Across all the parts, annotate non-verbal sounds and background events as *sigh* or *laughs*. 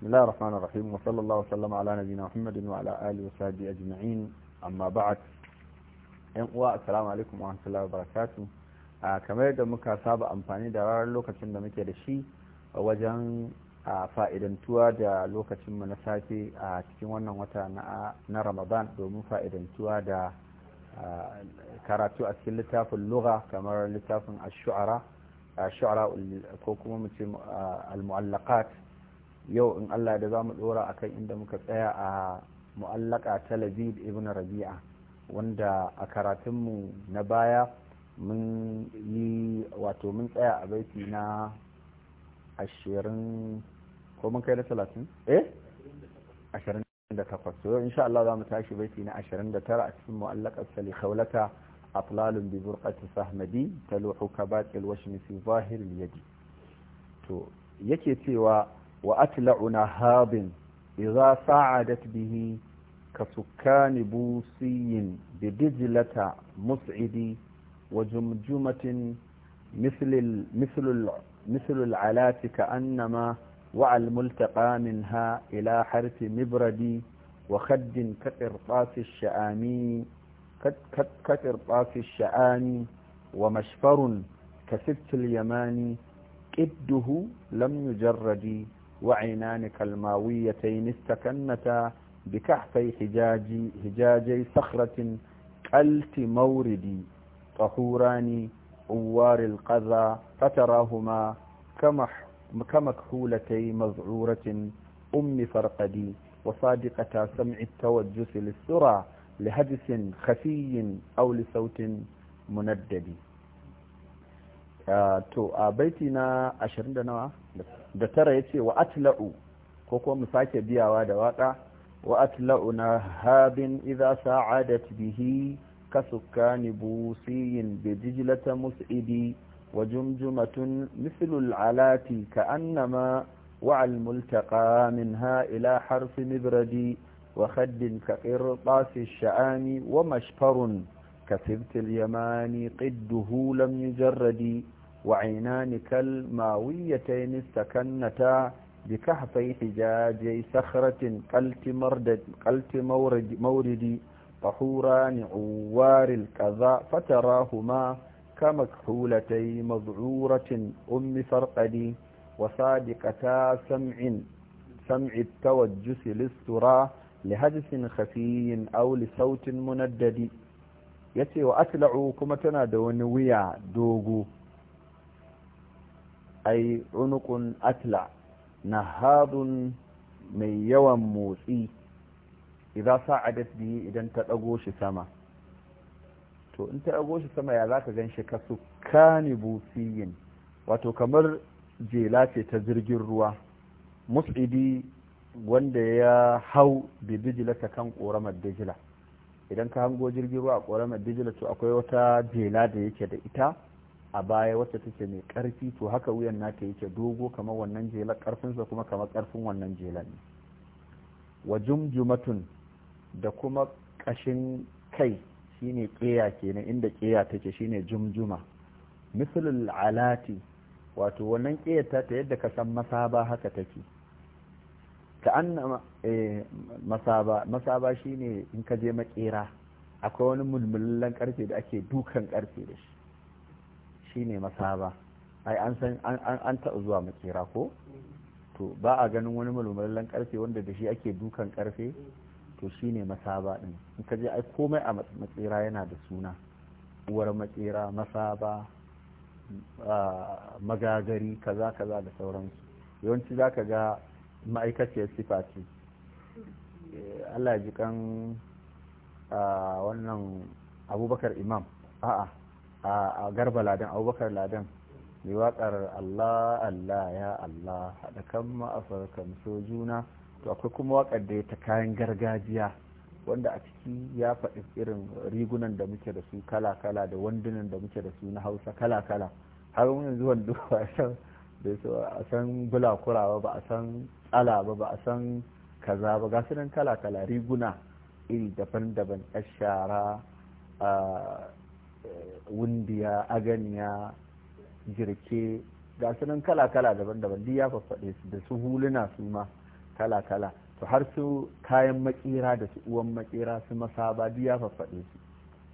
بسم الله الرحمن الرحيم وصلى الله وسلم على نبينا محمد وعلى آله وصحبه أجمعين أما بعد uwa assalamu alaikum wa rahmatullahi wa barakatuh kamar yadda muka saba amfani da ranar lokacin da muke da shi wajen fa'idantuwa da lokacin mu na safe a cikin wannan wata na ramadan domin fa'idantuwa da karatu a cikin littafin lugha kamar littafin ash-shu'ara shu'ara ko kuma mu ce yau in Allah da za mu ɗora a kan inda muka tsaya a mu'allaka ta labid ibn rabi'a wanda a karatunmu na baya mun yi wato mun tsaya a baiti na ashirin ko mun kai na talatin eh ashirin da takwas so sha Allah za mu tashi baiti na ashirin da tara a cikin mu'allakar sali khawlata أطلال ببرقة فهمدي تلوح كباك الوشم في ظاهر Yadi to yake cewa. وأتلع نهاض إذا صعدت به كسكان بوسي بدجلة مسعد وجمجمة مثل مثل مثل العلات كأنما وعى الملتقى منها إلى حرف مبرد وخد كقرطاس الشآمي كقرطاس الشآمي ومشفر كسبت اليماني قده لم يجرد وعينانك الماويتين استكنتا بكحفي حجاجي حجاجي صخرة قلت موردي طهوران عوار القذى فتراهما كمكحولتي مذعورة أم فرقدي وصادقة سمع التوجس للسرى لهجس خفي أو لصوت مندد آه تو آه بيتنا عشرين دنوة da tara yace wa atla'u ko ko mu sake biyawa da waka wa atla'u na habin idha sa'adat bihi kasukani sukani busiyin bi dijlata mus'idi wa jumjumatun mislul alati ka minha ila الملتقى mibradi wa khaddin مبرد وخد shaani wa mashfarun كثبت اليمان قده لم يجرد وعينان كالماويتين استكنتا بكهفي حجاجي صخرة قلت, مردد قلت مورد موردي طهوران عوار الكذا فتراهما كمكحولتي مذعورة أم فرقدي وصادقتا سمع سمع التوجس للسرى لهجس خفي أو لصوت مندد يتي وأتلع كما تنادون ويا دوغو ai unukun atla nahadun mai yawan motsi idan sa'adat bihi idan ta dago shi sama to in ta dago shi sama ya zaka gan shi kasu kani wato kamar jela ce ta jirgin ruwa mus'idi wanda ya hau bibijila ta kan ƙoramar dijila idan ka hango jirgin ruwa a ƙoramar dijila to akwai wata jela da yake da ita a baya wacce take mai ƙarfi to haka wuyan nata yake dogo kamar wannan jelar karfinsa kuma kamar karfin wannan jelar ne wa jumjumatun da kuma kashin kai shine keya kenan inda keya take shine jumjuma mislul alati wato wannan keyata ta yadda ka san masaba haka take ka an eh, masaba masaba shine in ka je makera akwai wani mulmulan karfe da ake dukan karfe da shi shine masaba ai an san an taɓa zuwa makera ko to ba a ganin wani malumalallen karfe wanda da shi ake dukan karfe to shine masaba din in ka je ai komai a matsira yana da suna uwar matsira masaba magagari kaza kaza da sauransu yawanci zaka ga ma'aikaciyar sifa ce eh, allah ji kan wannan abubakar imam a'a a garba ladan abubakar ladan mai waƙar allah allah ya allah haɗa kan ma'afarkan juna to akwai kuma waƙar da ya ta kayan gargajiya wanda a ciki ya faɗi irin rigunan da muke da su kala-kala da wandunan da muke da su na hausa kala-kala har wani zuwan duba a san bulakurawa ba a san tsala ba ba a san kaza ba gasu kala-kala riguna iri daban-daban shara wundiya aganiya jirke ga sunan kala-kala daban-daban duk ya faffaɗe su da su huluna su ma kala-kala to har su kayan makera da su uwan makera su masaba duk ya faffaɗe su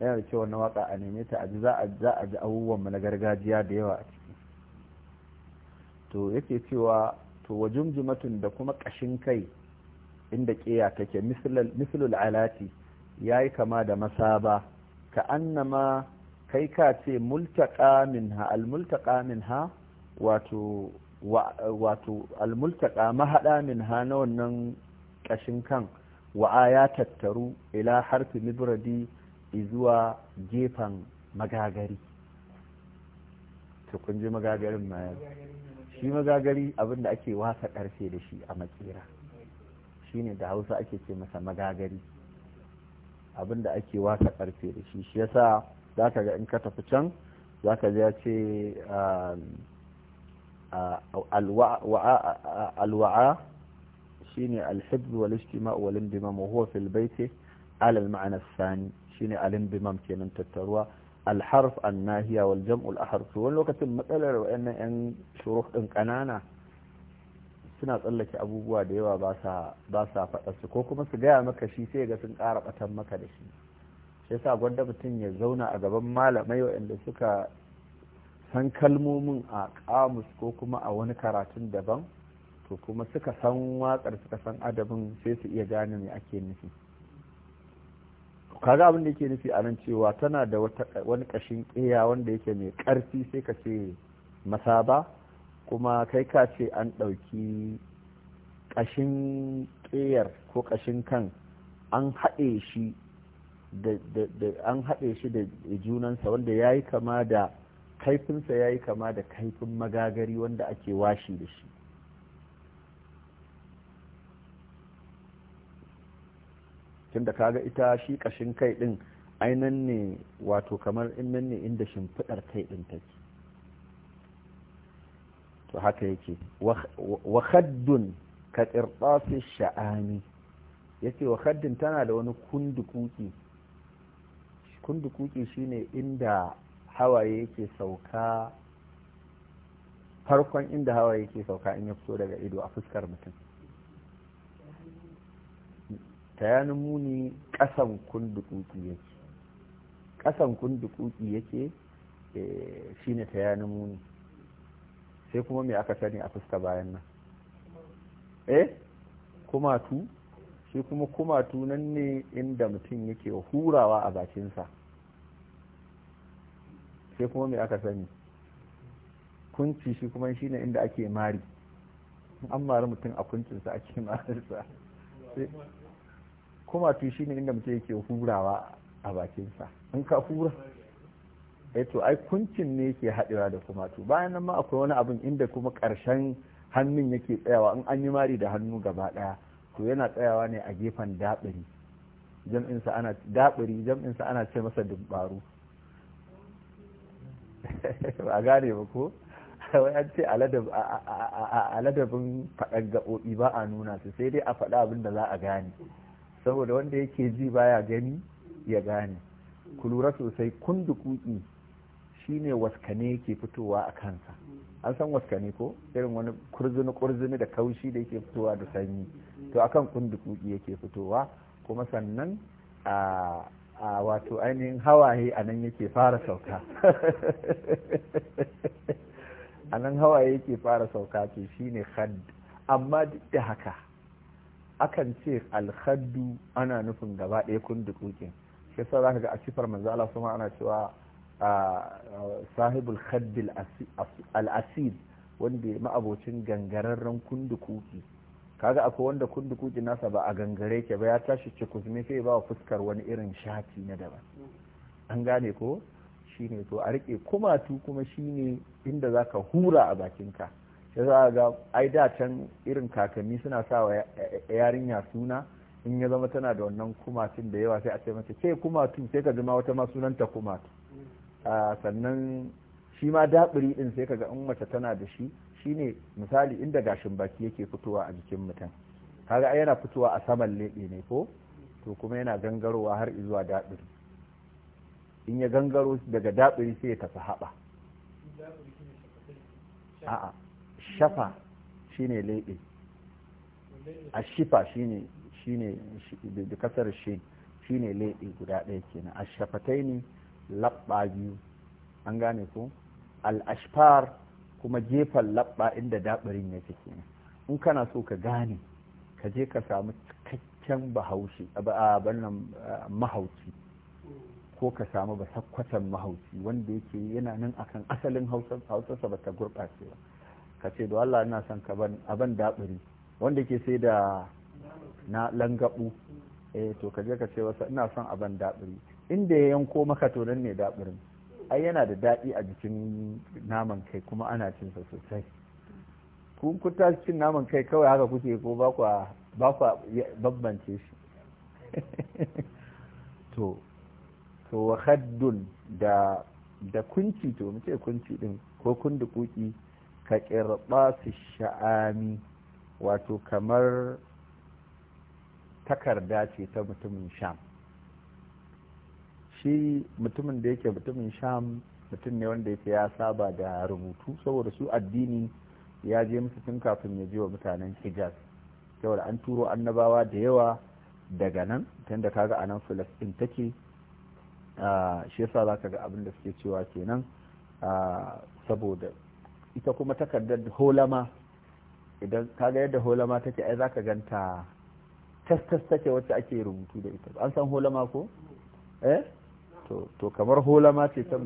yana da cewa na waka a neme ta a za a ji abubuwan mu na gargajiya da yawa a ciki to yake cewa to wa jumjumatun da kuma ƙashin kai inda ƙeya take mislul alati ya yi kama da masaba ka annama kai ka ce multaka minha almultaka minha wato wato almultaka mahada minha na wannan kashin kan wa'a ya tattaru ila harfi mibradi izuwa gefen magagari to kun ji magagarin ma shi magagari abin da ake wasa karfe da shi a makera shine da hausa ake ce masa magagari abin da ake wasa karfe da shi shi yasa za ka ga in ka tafi can za ka ya ce ah, ah, alwa'a shine alhibbi wal ma wal indimam wa huwa fil alal ala sani shine al indimam kenan tattaruwa alharf an nahiya wal jam'ul wani lokacin matsalar wayannan yan shuruh din kanana suna tsallake abubuwa da yawa ba sa faɗa su ko kuma su gaya maka shi sai ga sun ƙara batan maka da shi sai sa gwanda mutum ya zauna a gaban malamai waɗanda suka san kalmomin a kamus ko kuma a wani karatun daban to kuma suka san watsar suka san adabin sai su iya gane mai ake nufi kaga abin da yake nufi a nan cewa tana da wani ƙashin ƙiya wanda yake mai ƙarfi sai ka ce masaba kuma kai ka ce an ɗauki ƙashin ƙiyar ko ƙashin kan an haɗe shi da an haɗe shi da junansa wanda ya yi kama da kaifinsa ya yi kama da kaifin magagari wanda ake washi da shi tunda kaga ita shi kashin kai ɗin ainihin ne wato kamar nan ne inda shimfiɗar kai ɗin take to haka yake wa haddun ka sha'ani yace wa haddun tana da wani kundukuki kundukuki shine inda hawaye yake sauka farkon inda hawaye yake sauka in ya fito daga ido a fuskar mutum tayanin muni kasan kundukuki yake kasan kundukuki yake eh, shine tayanin muni sai kuma mai aka sani a fuska bayan nan eh tu. shi kuma kumatu nan ne inda mutum yake hurawa a bakinsa sai kuma mai aka sani kunci shi kuma shi ne inda ake mari an mara mutum a kuncinsa ake kuma *laughs* kumatu shi ne inda mutum yake hurawa a bakinsa in ka hura eto eh ai kuncin ne yake haɗewa da kumatu bayan nan ma akwai wani abin inda kuma ƙarshen hannun yake tsayawa in an yi mari da hannu gaba ɗaya to yana tsayawa ne a gefen daɓiri jam'insa ana daɓiri jam'insa ana ce masa dubbaru *laughs* ba gane ba ko wai an ce a ladabin faɗar gaɓoɓi ba a nuna su sai dai a faɗa abin da za a gane saboda wanda yake ji baya gani ya gane ku lura sosai kun dukuki shine waskane ke fitowa a kansa an san waskane ko irin wani kurzini kurzini da kaushi da yake fitowa da sanyi to akan kundukuki yake fitowa kuma sannan a a wato ainihin hawaye a nan yake fara sauka *laughs* a nan hawaye yake fara sauka shi shine khad amma duk da haka akan ce alhaddu ana nufin gaba ɗaya kundukukin shi sa za ka ga a cifar manzo Allah ana cewa sahibul khaddil al-asid wanda ma'abocin gangararren kundukuki kaga akwai wanda kundukuki nasa ba a gangare ke ba ya tashi cikus me sai ba wa fuskar wani irin shati na daban an gane ko shine to a rike kumatu kuma shine inda zaka hura a bakinka ya za ga ai da can irin kakanni suna sawa yarinya suna in ya zama tana da wannan kumatun da yawa sai a ce mace ce kumatu sai ka zama wata ma sunanta kumatu sannan shi ma daɓiri ɗin sai kaga in mace tana da shi shine misali inda gashin baki yake fitowa a jikin mutum kaga yana fitowa a saman leɓe ne ko to kuma yana gangarowa har zuwa daɓiri in ya gangaro daga daɓiri sai ya tafi haɓa a'a shafa shine leɓe a shifa shi ne da kasar shi shine leɓe guda ɗaya kenan a shafatai ne labba biyu an gane ko al'ashfar kuma gefen labba inda dabarin ya ke in kana so ka gane ka je ka samu cikakken bahaushe a bannan mahauci ko ka samu ba mahauci wanda yake yana nan akan asalin hausarsa ba ta gurɓace ba ka ce da Allah ina son ka ban aban daɓiri wanda ke sai da na langabu eh to ka je ka ce wasa ina son aban daɓiri inda ya yanko maka to nan ne daɓirin ai yana da daɗi a jikin naman kai kuma ana cin sa sosai kun ku cin naman kai kawai haka kuke ko ba kwa ba babbance shi *laughs* to to wa da da kunci to mu ce kunci din ko kuki ka kirba su sha'ami wato kamar takarda ce ta mutumin sham shi mutumin da yake mutumin sham mutum ne wanda yake ya saba da rubutu saboda su addini ya je musu tun kafin ya je wa mutanen hijaz saboda an turo annabawa da yawa daga nan tunda kaga anan filistin take ah, shi yasa za ka ga abin da suke cewa kenan ah, saboda ita kuma takardar holama idan kaga yadda holama take ai za ka ganta tas tas take wacce ake rubutu da ita an san holama ko eh to kamar hola ma ce ta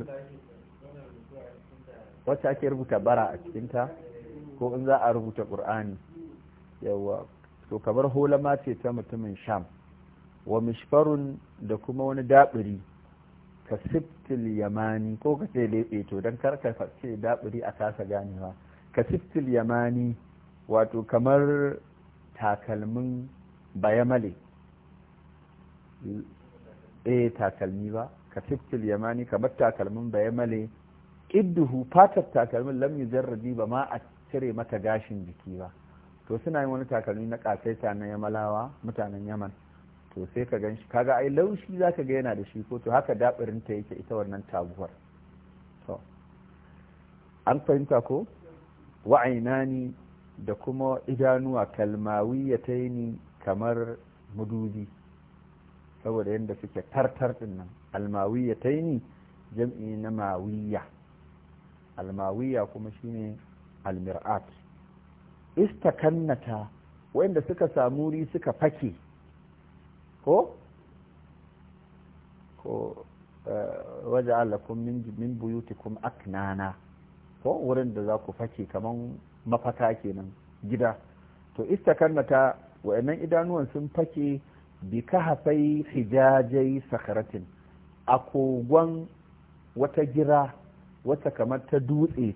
wacce ake rubuta bara a cikinta ko in za a rubuta ƙur'ani yawa to kamar hola ma ce ta mutumin sham wa mishfarun da kuma wani daɓiri ka siftil yamani ko ka ce leɓe to don karka ce daɓiri a kasa ganewa ka siftil yamani wato kamar takalmin bayamale eh takalmi ba ka tiftil yamani ka bar takalmin ba ya male fatar takalmin lam yujarradi ba ma a cire mata gashin jiki ba to suna yin wani takalmi na kasaita na yamalawa mutanen yaman to sai ka ganshi kaga ai laushi zaka ga yana da shi ko to haka dabirin ta yake ita wannan taguwar to an fahimta ko wa'ainani da kuma idanuwa ni kamar mudubi saboda yadda suke tartar din nan ta almawiyataini jam'i na mawiya almawiya kuma shi ne almir'at istakannata wanda suka samu ri suka fake ko ko eh, waja'alakum min min buyutikum aknana ko wurin da za ku fake kaman mafaka kenan gida to istakannata wa'annan idanuwan sun fake bi kahafai hijajai sakaratin a kogon wata gira wata kamar ta dutse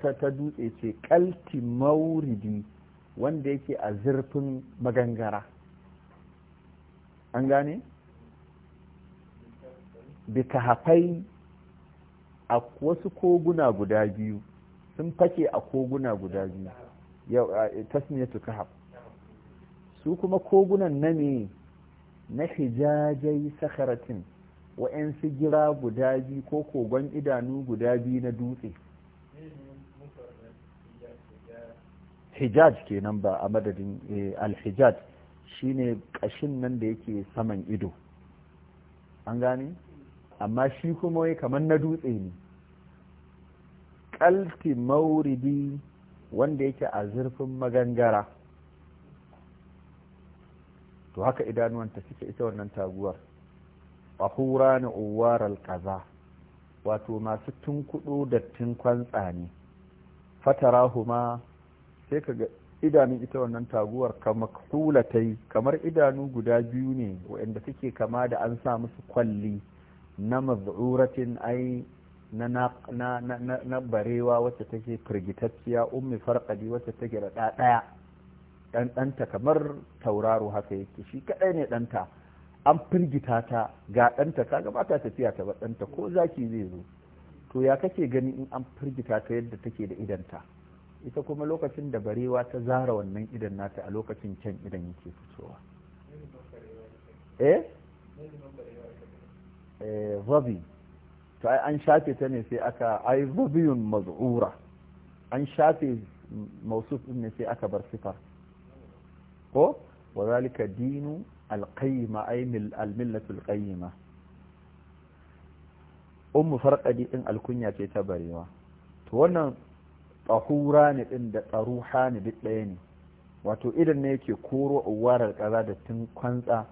ce ta dutse ce kalti mauridi wanda yake a zurfin magangara an gane? bika hafai a wasu koguna guda biyu sun fake a koguna guda biyu tasmiyatu kahab su kuma kogunan na ne na hijajai sakaratin wa'yansu sigira guda biyu ko kogon idanu guda biyu na dutse hijaj kenan ba a madadin eh, alhijaj shine ƙashin nan da yake saman ido an gane amma shi kuma wai kamar na dutse ne ƙalfi mauridi wanda yake a zurfin magangara to haka idanuwanta suke ita wannan taguwar hura na uwar kaza wato masu tunkuɗo dattin kwantsa ne fatarahuma sai ka ga idanun ita wannan taguwar kamaktulatai kamar idanu guda biyu ne waɗanda suke kama da an sa musu kwalli na mazuratin ai na barewa wacce take firgitacciya ummi farqadi wacce take da ɗaya ɗanɗanta kamar tauraro haka yake shi kaɗai ne ɗanta an firgita ta ga ɗanta kaga ba ta tafiya ta ɗanta ko zaki zai zo to ya kake gani in an firgita ta yadda take da idanta ita kuma lokacin da barewa ta zara wannan idan nata a lokacin can idan yake fitowa eh, eh to ai an shafe ta ne sai aka ai zabiyun maz'ura an shafe mausuf ne sai aka bar sifar ko wa zalika dinu alqayyima ay almillatu alqayyima ummu farqadi din alkunya ce ta barewa to wannan tsahura ne din da tsaruha ne duk ɗaya ne wato idan ne yake koro uwarar kaza da tun kwantsa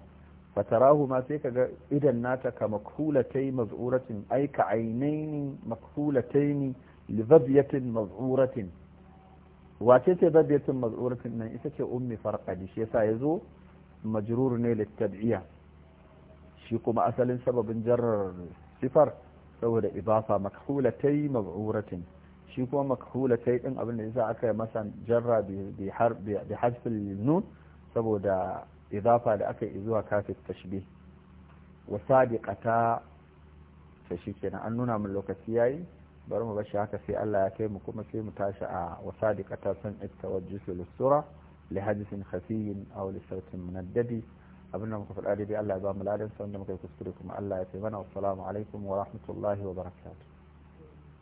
fatarahu ma sai kaga idan nata ka makhulatai maz'uratin ay ka ainaini makhulatai li maz'uratin wace ce babiyatun mazuratin nan ita ce ummi farqadi shi yasa yazo majrur ne litab'iya shi kuma asalin sababin jarrar sifar saboda ibafa makhulatai mazuratin shi kuma makhulatai din abin da yasa aka yi masa jarra bi har bi hasfil nun saboda idafa da aka yi zuwa kafin tashbih wa sadiqata ta shi kenan an nuna min lokaci yayi bari mu bashi haka sai Allah ya kai mu kuma sai mu tashi a wasadiqata sun ittawajjusu lusura li hadithin khafiyin aw li sautin munaddadi abin da muka faɗa dai Allah ya ba mu ladan sa wanda muka yi kuskure kuma Allah ya kai mana assalamu alaikum wa rahmatullahi wa barakatuh